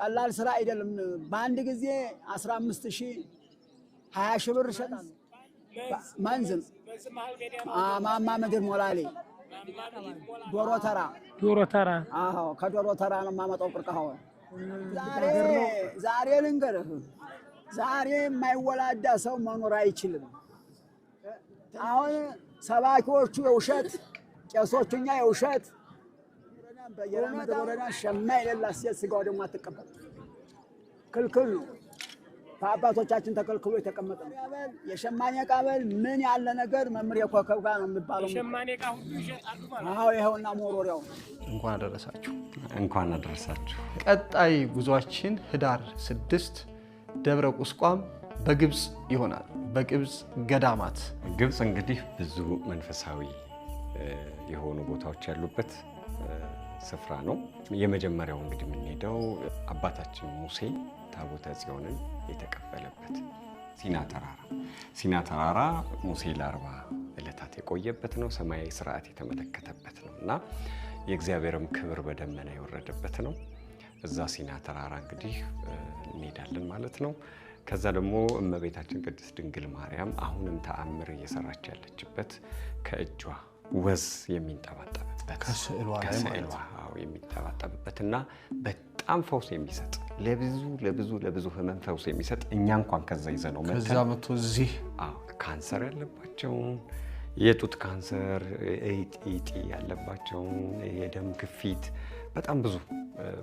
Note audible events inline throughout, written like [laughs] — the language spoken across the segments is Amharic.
ቀላል ስራ አይደለም። በአንድ ጊዜ 15 ሺህ 20 ሺህ ብር ይሸጣል። መንዝም ማማ ምድር ሞላሌ ዶሮ ተራ ዶሮ ተራ አዎ፣ ከዶሮ ተራ ነው የማመጣው ቅርቅሃውን። ዛሬ ዛሬ ልንገርህ፣ ዛሬ የማይወላዳ ሰው መኖር አይችልም። አሁን ሰባኪዎቹ የውሸት ቄሶቹኛ የውሸት በየራመት ወረዳ ሸማ የሌላት ሴት ስጋው ደግሞ አትቀበል፣ ክልክል ነው። በአባቶቻችን ተከልክሎ የተቀመጠ ነው። የሸማኔ ዕቃ በል ምን ያለ ነገር መምህር የኮከብ ጋር ነው የሚባለው። አዎ ይኸውና እንኳን አደረሳችሁ፣ እንኳን አደረሳችሁ። ቀጣይ ጉዟችን ህዳር ስድስት ደብረ ቁስቋም በግብፅ ይሆናል። በግብፅ ገዳማት። ግብፅ እንግዲህ ብዙ መንፈሳዊ የሆኑ ቦታዎች ያሉበት ስፍራ ነው። የመጀመሪያው እንግዲህ የምንሄደው አባታችን ሙሴ ታቦተ ጽዮንን የተቀበለበት ሲና ተራራ። ሲና ተራራ ሙሴ ለአርባ ዕለታት የቆየበት ነው። ሰማያዊ ስርዓት የተመለከተበት ነው እና የእግዚአብሔርም ክብር በደመና የወረደበት ነው። እዛ ሲና ተራራ እንግዲህ እንሄዳለን ማለት ነው። ከዛ ደግሞ እመቤታችን ቅድስት ድንግል ማርያም አሁንም ተአምር እየሰራች ያለችበት ከእጇ ወዝ የሚንጠባጠበ የሚጠበስበት ከስዕሏ የሚጠባጠብበትና በጣም ፈውስ የሚሰጥ ለብዙ ለብዙ ለብዙ ህመም ፈውስ የሚሰጥ እኛ እንኳን ከዛ ይዘ ነው ከዛ መቶ እዚህ ካንሰር ያለባቸውን የጡት ካንሰር፣ ጢጢ ያለባቸውን የደም ግፊት በጣም ብዙ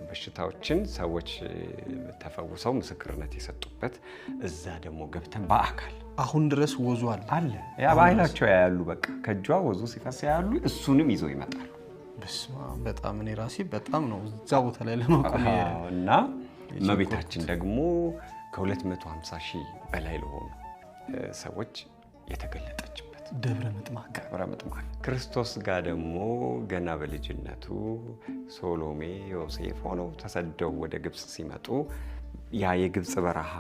በሽታዎችን ሰዎች ተፈውሰው ምስክርነት የሰጡበት እዛ ደግሞ ገብተን በአካል አሁን ድረስ ወዙ አለ አለ ያ በአይናቸው ያያሉ። በቃ ከእጇ ወዙ ሲፈስ ያያሉ። እሱንም ይዘው ይመጣሉ። በጣም እኔ ራሴ በጣም ነው እዛ ቦታ ላይ ለመቆም እና እመቤታችን ደግሞ ከ250 ሺህ በላይ ለሆኑ ሰዎች የተገለጠችው ያደረኩት ደብረ ምጥማቅ ደብረ ምጥማቅ። ክርስቶስ ጋር ደግሞ ገና በልጅነቱ ሶሎሜ ዮሴፍ ሆነው ተሰደው ወደ ግብፅ ሲመጡ ያ የግብፅ በረሃ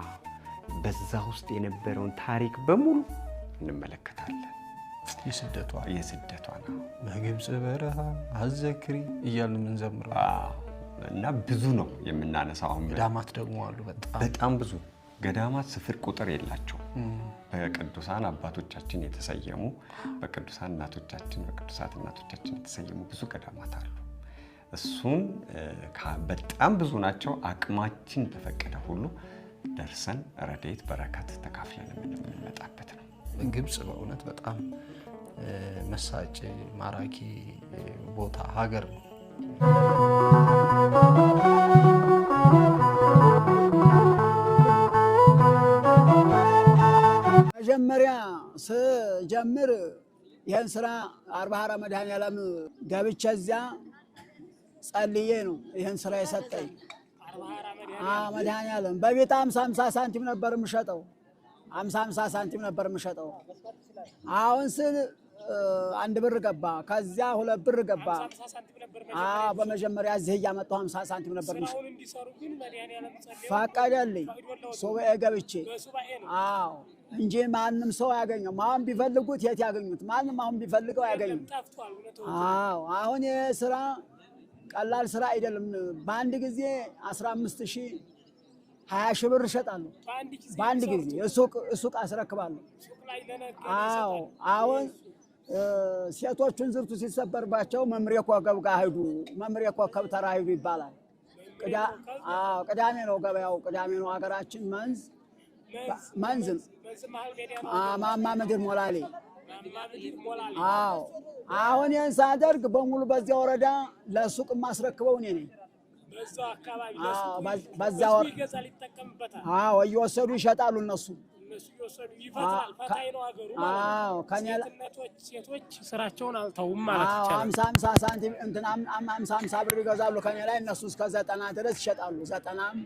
በዛ ውስጥ የነበረውን ታሪክ በሙሉ እንመለከታለን። የስደቷ የስደቷ ነው። በግብፅ በረሃ አዘክሪ እያሉ የምንዘምረው እና ብዙ ነው የምናነሳው። ዳማት ደግሞ አሉ በጣም ብዙ ገዳማት ስፍር ቁጥር የላቸው በቅዱሳን አባቶቻችን የተሰየሙ በቅዱሳን እናቶቻችን በቅዱሳት እናቶቻችን የተሰየሙ ብዙ ገዳማት አሉ። እሱን በጣም ብዙ ናቸው። አቅማችን በፈቀደ ሁሉ ደርሰን ረዴት በረከት ተካፍለን የምንመጣበት ነው። ግብፅ በእውነት በጣም መሳጭ ማራኪ ቦታ ሀገር ነው። መጀመሪያ ስጀምር ይህን ስራ አርባ አራ መድኃኔዓለም ገብቼ እዚያ ጸልዬ ነው ይህን ስራ የሰጠኝ መድኃኔዓለም። በቤት አምሳ አምሳ ሳንቲም ነበር የምሸጠው፣ አምሳ አምሳ ሳንቲም ነበር የምሸጠው። አሁን ስል አንድ ብር ገባ፣ ከዚያ ሁለት ብር ገባ። በመጀመሪያ እዚህ እያመጣሁ ሀምሳ ሳንቲም ነበር የምሸጠው። ፈቀደልኝ ሱባኤ ገብቼ አዎ እንጂ ማንም ሰው አያገኘውም። አሁን ቢፈልጉት የት ያገኙት? ማንም አሁን ቢፈልገው አያገኙት። አዎ አሁን የስራ ስራ ቀላል ስራ አይደለም። በአንድ ጊዜ አስራ አምስት ሺህ ሀያ ሺህ ብር እሸጣለሁ። በአንድ ጊዜ እሱቅ አስረክባለሁ። አዎ አሁን ሴቶቹን ዝርቱ ሲሰበርባቸው መምሬ ኮከብ ጋር ሂዱ፣ መምሬ ኮከብ ተራ ሂዱ ይባላል። ቅዳሜ ነው ገበያው፣ ቅዳሜ ነው ሀገራችን መንዝ መንዝ ማማ ምድር ሞላሌ። አዎ አሁን ይህን ሳደርግ በሙሉ በዚያ ወረዳ ለሱቅ የማስረክበው እኔ ነኝ። አዎ እየወሰዱ ይሸጣሉ እነሱ። ሴቶች ስራቸውን አልተውም ማለት ይቻላል። ሀምሳ ሳንቲም እንትን ሀምሳ ሀምሳ ብር ይገዛሉ ከኔ ላይ እነሱ እስከ ዘጠና ድረስ ይሸጣሉ። ዘጠናም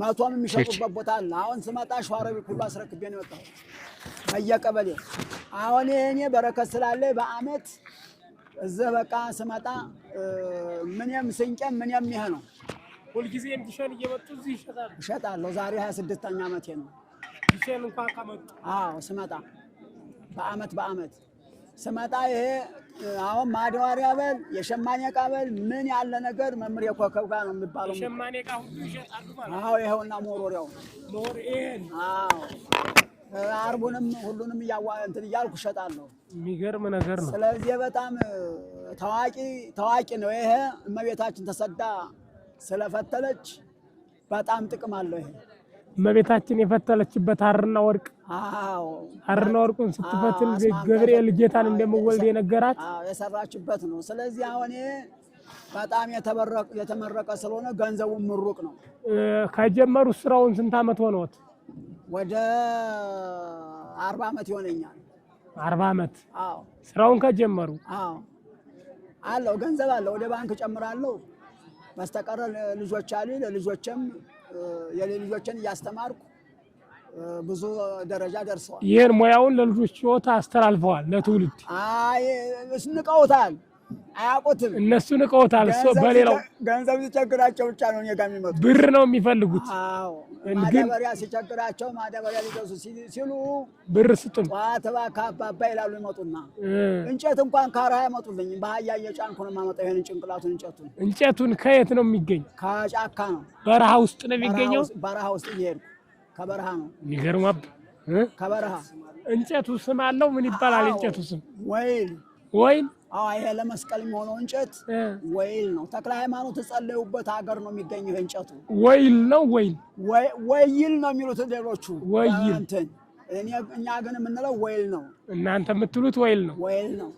መቶም የሚሸጡበት ቦታ አለ። አሁን ስመጣ ሸዋሮቢት ሁሉ አስረክቤ ነው የወጣሁት በየቀበሌ። አሁን ይሄኔ በረከት ስላለ በአመት እዚህ በቃ ስመጣ ምንም ስንቄም ምንም ይሄ ነው። ሁልጊዜም ጊሸን እየመጡ እዚህ ይሸጣሉ ይሸጣለሁ። ዛሬ ሀያ ስድስተኛ ዓመቴ ነው ጊሸን እንኳን ከመጡ። አዎ ስመጣ በአመት በአመት ስመጣ ይሄ አሁን ማድዋሪ አበል የሸማኔ ዕቃ በል ምን ያለ ነገር መምህር የኮከብ ጋር ነው የሚባለው። ሸማኔ ዕቃ ሁሉ ይሸጣሉ ማለት አዎ። ይኸውና መወሮሪያው ሞሪኤን አዎ፣ አርቡንም ሁሉንም እያዋ እንትን እያልኩ እሸጣለሁ። የሚገርም ነገር ነው። ስለዚህ በጣም ታዋቂ ታዋቂ ነው ይሄ። እመቤታችን ተሰዳ ስለፈተለች በጣም ጥቅም አለው ይሄ እመቤታችን የፈተለችበት ሐርና ወርቅ ሐርና ወርቁን ስትፈትል ገብርኤል ጌታን እንደምወልድ የነገራት የሰራችበት ነው። ስለዚህ አሁን በጣም የተመረቀ ስለሆነ ገንዘቡ ምሩቅ ነው። ከጀመሩ ስራውን ስንት ዓመት ሆነዎት? ወደ አርባ ዓመት ይሆነኛል። አርባ ዓመት ስራውን ከጀመሩ አለው ገንዘብ አለው። ወደ ባንክ ጨምራለሁ። በስተቀረ ልጆች አሉ ለልጆችም የኔ ልጆችን እያስተማርኩ ብዙ ደረጃ ደርሰዋል። ይህን ሙያውን ለልጆች ህይወት አስተላልፈዋል። ለትውልድ አይ ስንቀውታል አያውቁትም። እነሱን እቀውታል። በሌላው ገንዘብ ሲቸግራቸው ብቻ ነው እኛ ጋር የሚመጡት። ብር ነው የሚፈልጉት። አዎ ማዳበሪያ ሲቸግራቸው ማዳበሪያ ሊገዙ ሲሉ ብር ስጡን ጠዋት እባክህ አባባ ይላሉ ይመጡና፣ እንጨት እንኳን ካራ ያመጡልኝ በአህያ እየጫንኩ ነው የማመጣው። ይሄንን ጭንቅላቱን እንጨቱን እንጨቱን ከየት ነው የሚገኝ? ከጫካ ነው። በረሃ ውስጥ ነው የሚገኘው። በረሃ ውስጥ እየሄድኩ ከበረሃ ነው የሚገርም ከበረሃ እንጨቱ ስም አለው። ምን ይባላል እንጨቱ ስም ወይል ወይል አዎ ይሄ ለመስቀል የሚሆነው እንጨት ወይል ነው። ተክለ ሃይማኖት የጸለዩበት ሀገር ነው የሚገኘው እንጨቱ። ወይል ነው ወይል ወይል ነው የሚሉት ሌሎቹ ወይል እንትን እኛ ግን የምንለው ወይል ነው። እናንተ የምትሉት ወይል ነው። ወይል ነው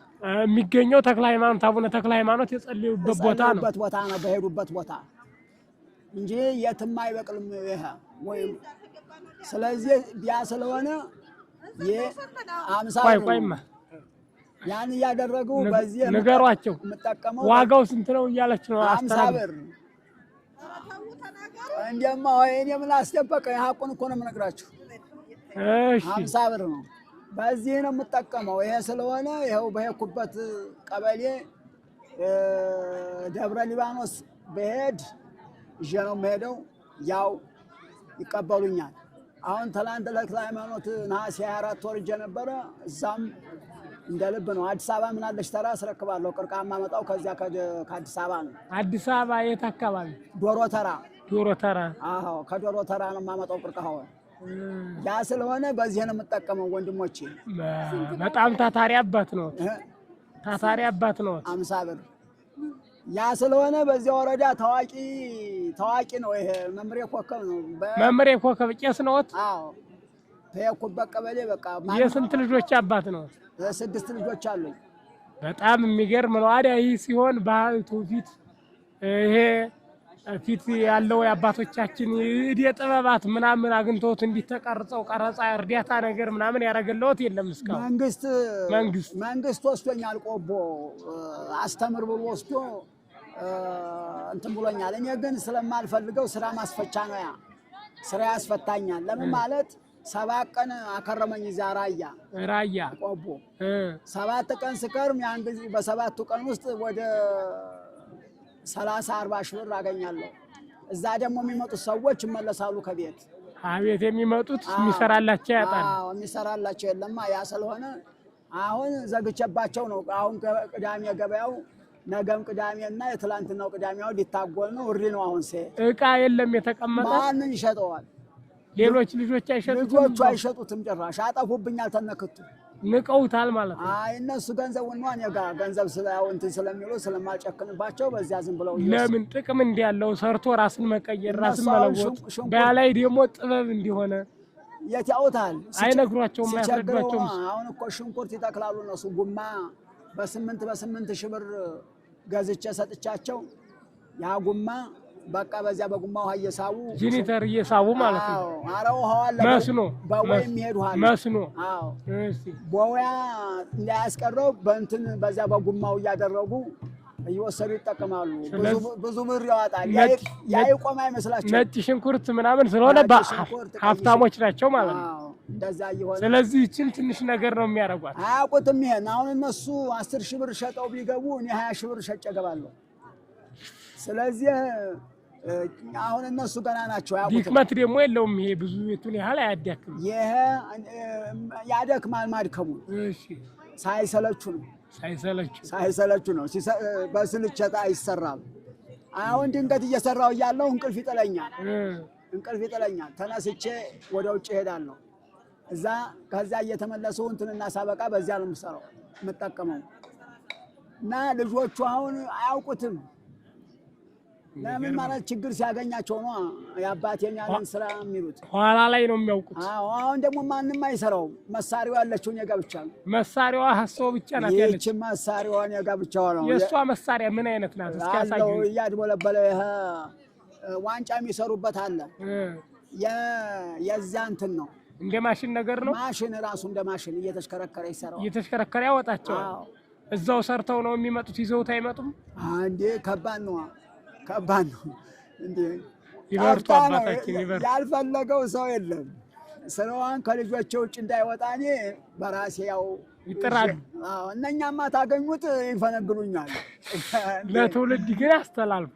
የሚገኘው ተክለ ሃይማኖት አቡነ ተክለ ሃይማኖት የጸለዩበት ቦታ ነው። ቦታ ነው በሄዱበት ቦታ እንጂ የትም አይበቅልም ይሄ ወይም ስለዚህ ቢያ ስለሆነ ይሄ አምሳ ያን እያደረጉ በዚህ ንገሯቸው። ዋጋው ስንት ነው እያለች ነው። አምሳ ብር እንደማ እኔ ምን አስደበቀኝ? ሀቁን እኮ ነው የምነግራችሁ። አምሳ ብር ነው። በዚህ ነው የምጠቀመው። ይሄ ስለሆነ ይኸው በሄድኩበት ቀበሌ ደብረ ሊባኖስ በሄድ ይዤ ነው የምሄደው። ያው ይቀበሉኛል። አሁን ትላንት ዕለት ሃይማኖት ነሐሴ 24 ወርጄ ነበረ እዛም እንደ ልብ ነው። አዲስ አበባ ምን አለሽ? ተራ አስረክባለሁ። ቅርቃማ ማመጣው ከዚያ ከአዲስ አበባ ነው። አዲስ አበባ የት አካባቢ? ዶሮ ተራ። ዶሮ ተራ? አዎ ከዶሮ ተራ ነው የማመጣው ቅርቃውን። ያ ስለሆነ በዚህ ነው የምጠቀመው። ወንድሞቼ በጣም ታታሪ አባት ነው። ታታሪ አባት ነው። አምሳ ብር ያ ስለሆነ በዚህ ወረዳ ታዋቂ ታዋቂ ነው። ይሄ መምሬ ኮከብ ነው። መምሬ ኮከብ ቄስ ነዎት? አዎ ተየኩበት ቀበሌ በቃ የስንት ልጆች አባት ነዎት? ስድስት ልጆች አሉኝ። በጣም የሚገርም ነው። አዲያ ይህ ሲሆን ባህቱ ፊት ይሄ ፊት ያለው የአባቶቻችን እደ ጥበባት ምናምን አግኝቶት እንዲተቀርጸው ቀረጻ እርዳታ ነገር ምናምን ያደረገለት የለም እስካሁን? መንግስት መንግስት መንግስት ወስዶኛል። ቆቦ አስተምር ብሎ ወስዶ እንትን ብሎኛል። እኔ ግን ስለማልፈልገው ስራ ማስፈቻ ነው። ያ ስራ ያስፈታኛል። ለምን ማለት ሰባት ቀን አከረመኝ እዛ ራያ ራያ ቆቦ ሰባት ቀን ስከርም ያን ጊዜ በሰባቱ ቀን ውስጥ ወደ ሰላሳ አርባ ሺህ ብር አገኛለሁ። እዛ ደግሞ የሚመጡት ሰዎች ይመለሳሉ ከቤት አቤት የሚመጡት የሚሰራላቸው ያጣል። የሚሰራላቸው የለማ። ያ ስለሆነ አሁን ዘግቼባቸው ነው። አሁን ቅዳሜ ገበያው ነገም ቅዳሜ እና የትላንትናው ቅዳሜው ሊታጎል ነው። እሪ ነው አሁን ሴ እቃ የለም የተቀመጠ ማንን ይሸጠዋል? ሌሎች ልጆች አይሸጡትም፣ ልጆቹ አይሸጡትም። ጭራሽ አጠፉብኛል፣ ተነክቱ ንቀውታል ማለት ነው። አይ እነሱ ገንዘቡን ነው እኔ ጋር ገንዘብ እንትን ስለሚሉ ስለማጨክንባቸው በዚያ ዝም ብለው ለምን ጥቅም እንዲያለው ሰርቶ ራስን መቀየር ራስን መለወጥ በላይ ደግሞ ጥበብ እንዲሆነ የት ያውታል አይነግሯቸውም፣ አያስረዷቸውም። አሁን እኮ ሽንኩርት ይተክላሉ እነሱ ጉማ በስምንት በስምንት ሺህ ብር ገዝቼ ሰጥቻቸው ያ ጉማ በቃ በዚያ በጉማ ውሃ እየሳቡ ጂኒተር እየሳቡ ማለት ነው። አረ ውሃው አለ መስኖ በወይ የሚሄዱ አለ መስኖ። አዎ በወያ እንዳያስቀረው በእንትን በዚያ በጉማው እያደረጉ እየወሰዱ ይጠቀማሉ። ብዙ ምር ያወጣል። ያ ይቆም አይመስላቸው ነጭ ሽንኩርት ምናምን ስለሆነ ሀብታሞች ናቸው ማለት ነው። እንደዛ እየሆነ ስለዚህ ይችን ትንሽ ነገር ነው የሚያደርጓት። አያውቁትም ይሄን። አሁን እነሱ አስር ሺህ ብር ሸጠው ቢገቡ እኔ ሀያ ሺህ ብር ሸጬ እገባለሁ። ስለዚህ አሁን እነሱ ገና ናቸው። ድክመት ደግሞ የለውም። ይሄ ብዙ ቤቱን ያህል አያደክም። ይሄ ያደክማል። ማድከሙ ሳይሰለቹ ነው። ሳይሰለቹ ነው። በስልቸት አይሰራም። አሁን ድንገት እየሰራው እያለው እንቅልፍ ይጥለኛል። እንቅልፍ ይጥለኛል። ተነስቼ ወደ ውጭ እሄዳለሁ። እዛ ከዚያ እየተመለሱ እንትንና ሳበቃ በዚያ ነው የምሰራው የምጠቀመው እና ልጆቹ አሁን አያውቁትም ለምን ማለት ችግር ሲያገኛቸው ነው የአባቴን ያንን ስራ የሚሉት። ኋላ ላይ ነው የሚያውቁት። አሁን ደግሞ ማንም አይሰራውም። መሳሪያዋ ያለችው እኔ ጋ ብቻ ነው። መሳሪያዋ ሀሶ ብቻ ናት ያለች። መሳሪያዋ እኔ ጋ ብቻ ነው። የእሷ መሳሪያ ምን አይነት ናት? እስኪ እያድበለበለ ዋንጫ የሚሰሩበት አለ። የዛ እንትን ነው እንደ ማሽን ነገር ነው። ማሽን ራሱ እንደ ማሽን እየተሽከረከረ ይሰራዋል። እየተሽከረከረ ያወጣቸዋል። እዛው ሰርተው ነው የሚመጡት። ይዘውት አይመጡም። አንዴ ከባድ ነዋ ከባድ ነው። ያልፈለገው ሰው የለም። ስራዋን ከልጆቼ ውጭ እንዳይወጣ እኔ በራሴ ያው ይጥራሉ። እነኛማ ታገኙት ይፈነግሉኛል። [laughs] ለትውልድ ግን አስተላልፉ።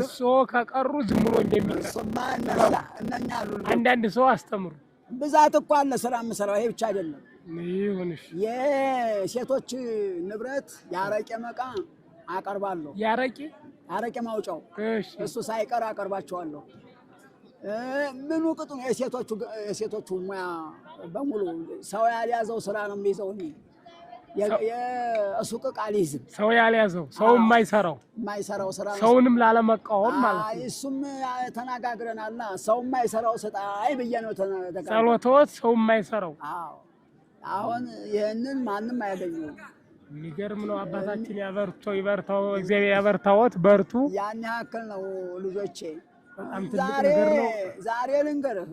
እሶ ከቀሩ ዝም ብሎ እንደሚእነኛ አንዳንድ ሰው አስተምሩ። ብዛት እኮ አለ ስራ የምሰራው ይሄ ብቻ አይደለም። የሴቶች ንብረት የአረቄ መቃ አቀርባለሁ። የአረቄ አረቄ ማውጫው እሱ ሳይቀር አቀርባቸዋለሁ። ምኑ ቅጡ የሴቶቹ ሙያ በሙሉ ሰው ያልያዘው ስራ ነው የሚይዘው። የሱቅ ቃል አልይዝም። ሰው ያልያዘው ሰው የማይሰራው የማይሰራው ስራ ሰውንም ላለመቃወም ማለት ነው። እሱም ተነጋግረናልና ሰው የማይሰራው ስጣይ ብዬ ነው ጸሎትዎት። ሰው የማይሰራው አሁን ይህንን ማንም አያገኘውም። የሚገርም ነው። አባታችን ያበርቶ ይበርታው፣ እግዚአብሔር ያበርታዎት፣ በርቱ። ያን ያክል ነው ልጆቼ። ዛሬ ዛሬ ልንገርህ፣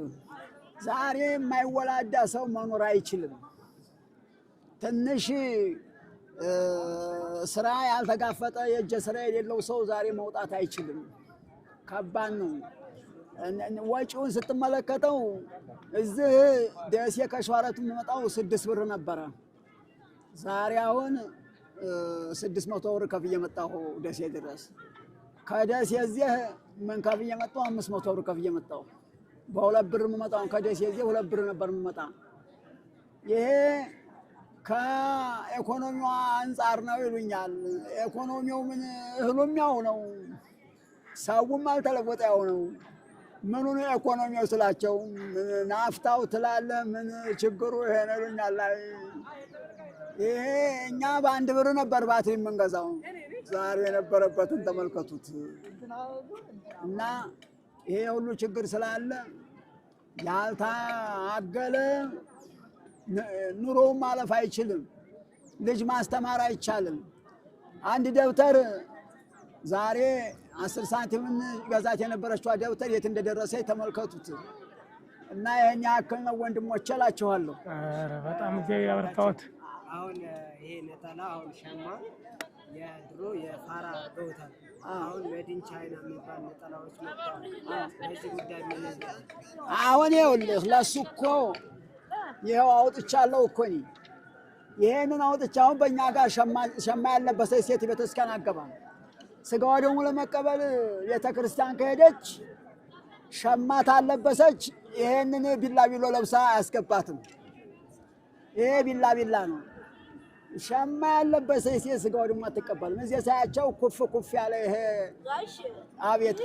ዛሬ የማይወላዳ ሰው መኖር አይችልም። ትንሽ ስራ ያልተጋፈጠ የእጅ ስራ የሌለው ሰው ዛሬ መውጣት አይችልም። ከባድ ነው። ወጪውን ስትመለከተው እዚህ ደሴ ከሸዋረቱ የምመጣው ስድስት ብር ነበረ። ዛሬ አሁን ስድስት መቶ ብር ከፍዬ መጣሁ ደሴ ድረስ። ከደሴ እዚህ ምን ከፍዬ መጣሁ? አምስት መቶ ብር ከፍዬ መጣሁ። በሁለት ብር የምመጣው ከደሴ እዚህ ሁለት ብር ነበር የምመጣ። ይሄ ከኢኮኖሚዋ አንጻር ነው ይሉኛል። ኢኮኖሚው ምን እህሉም ያው ነው፣ ሰውም አልተለወጠ ያው ነው። ምኑ ነው ኢኮኖሚው ስላቸው፣ ናፍታው ትላለ ምን ችግሩ ይሄ ነው ይሉኛል። ይሄ እኛ በአንድ ብር ነበር ባትሪ የምንገዛው። ዛሬ የነበረበትን ተመልከቱት። እና ይሄ ሁሉ ችግር ስላለ ያልታገለ ኑሮውን ማለፍ አይችልም። ልጅ ማስተማር አይቻልም። አንድ ደብተር ዛሬ አስር ሳንቲም ገዛት የነበረችዋ ደብተር የት እንደደረሰ ተመልከቱት። እና ይህን ያክል ነው ወንድሞቼ እላችኋለሁ። በጣም እግዚአብሔር ያበርታዎት። አሁን ይሄ ነጠላ አሁን ሸማ የድሮ የፋራ ገውታል አሁን መድን ቻይና የሚባል ነጠላዎች መጥተዋል። በዚህ ጉዳይ ምን አሁን ይኸውልህ ለሱ እኮ ይኸው አውጥቻለሁ እኮ እኔ ይሄንን አውጥቻ አሁን በእኛ ጋር ሸማ ያለበሰች ሴት ቤተክርስቲያን አገባ ስጋዋ ደግሞ ለመቀበል ቤተክርስቲያን ከሄደች ሸማ ታለበሰች። ይሄንን ቢላ ቢሎ ለብሳ አያስገባትም። ይሄ ቢላ ቢላ ነው። ሸማ ያለበሰ ሴት ስጋው ደግሞ አትቀበልም። እዚህ ሳያቸው ኩፍ ኩፍ ያለ ይሄ አቤት፣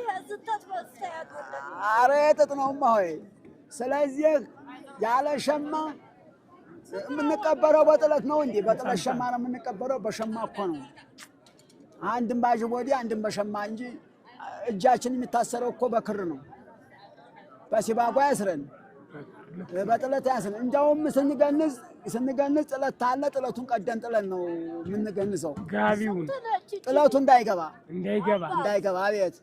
ኧረ ጥጥ ነውማ ሆይ። ስለዚህ ያለ ሸማ የምንቀበረው በጥለት ነው እንዴ? በጥለት ሸማ ነው የምንቀበለው። በሸማ እኮ ነው አንድም ባጅብ ወዲህ አንድም በሸማ እንጂ እጃችን የሚታሰረው እኮ በክር ነው። በሲባጓ ያስረን፣ በጥለት ያስረን። እንዲያውም ስንገንዝ ስንገንዝ ጥለት ታለ ጥለቱን ቀደን ጥለን ነው የምንገንዘው። ጋቢውን ጥለቱ እንዳይገባ እንዳይገባ እንዳይገባ አቤት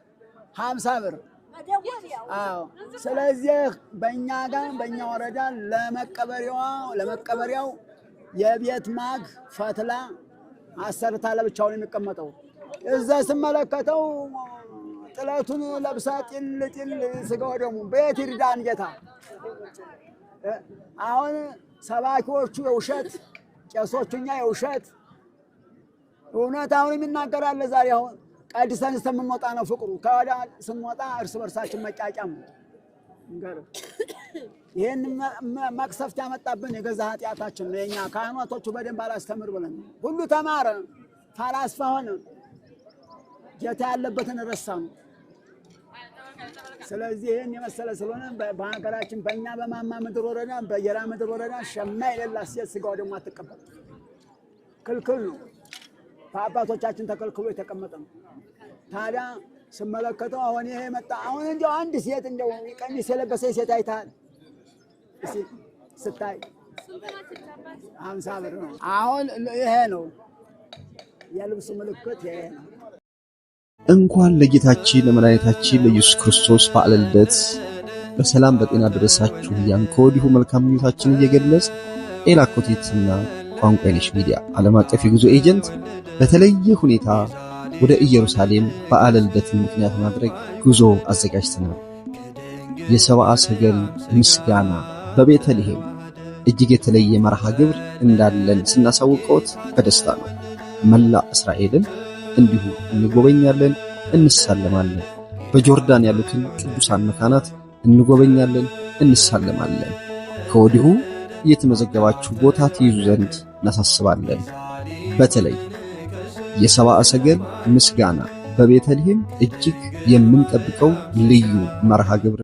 ሀምሳ ብር አዎ። ስለዚህ በእኛ ጋር በእኛ ወረዳ ለመቀበሪያው የቤት ማግ ፈትላ አሰርታ ለብቻውን የሚቀመጠው እዛ ስመለከተው ጥለቱን ለብሳ ጢል ጢል ስጋ ወደሙ በየት ይርዳን ጌታ አሁን ሰባኪዎቹ የውሸት ቄሶቹ እኛ የውሸት እውነት አሁን የሚናገራለ ዛሬ አሁን ቀድሰን እስከምንወጣ ነው ፍቅሩ ከወዳ ስንሞጣ እርስ በርሳችን መጫጫም ይህን መቅሰፍት ያመጣብን የገዛ ኃጢአታችን ነው። የኛ ካህናቶቹ በደንብ አላስተምር ብለን ሁሉ ተማረ፣ ፈላስፋ ሆነ፣ ጌታ ያለበትን ረሳ ነው። ስለዚህ ይህን የመሰለ ስለሆነ በሀገራችን በእኛ በማማ ምድር ወረዳ በየራ ምድር ወረዳ ሸማ የሌላት ሴት ስጋው ደግሞ አትቀበል ክልክል ነው። በአባቶቻችን ተከልክሎ የተቀመጠ ነው። ታዲያ ስመለከተው አሁን ይሄ መጣ። አሁን እንዲያው አንድ ሴት እንዲያው ቀሚስ የለበሰች ሴት አይታል ስታይ ሀምሳ ብር ነው። አሁን ይሄ ነው የልብስ ምልክት ይሄ ነው። እንኳን ለጌታችን ለመድኃኒታችን ለኢየሱስ ክርስቶስ በዓለ ልደት በሰላም በጤና ደረሳችሁ እያን ከወዲሁ መልካም ምኞታችን እየገለጽ ኤላኮቴትና ኮቴትና ሚዲያ ዓለም አቀፍ የጉዞ ኤጀንት በተለየ ሁኔታ ወደ ኢየሩሳሌም በዓለ ልደትን ምክንያት ማድረግ ጉዞ አዘጋጅተናል። የሰብአ ሰገል ምስጋና በቤተልሔም እጅግ የተለየ መርሃ ግብር እንዳለን ስናሳውቀውት በደስታ ነው መላ እስራኤልን እንዲሁ እንጎበኛለን፣ እንሳለማለን። በጆርዳን ያሉትን ቅዱሳን መካናት እንጎበኛለን፣ እንሳለማለን። ከወዲሁ የተመዘገባችሁ ቦታ ትይዙ ዘንድ እናሳስባለን። በተለይ የሰብአ ሰገል ምስጋና በቤተልሔም እጅግ የምንጠብቀው ልዩ መርሃ ግብር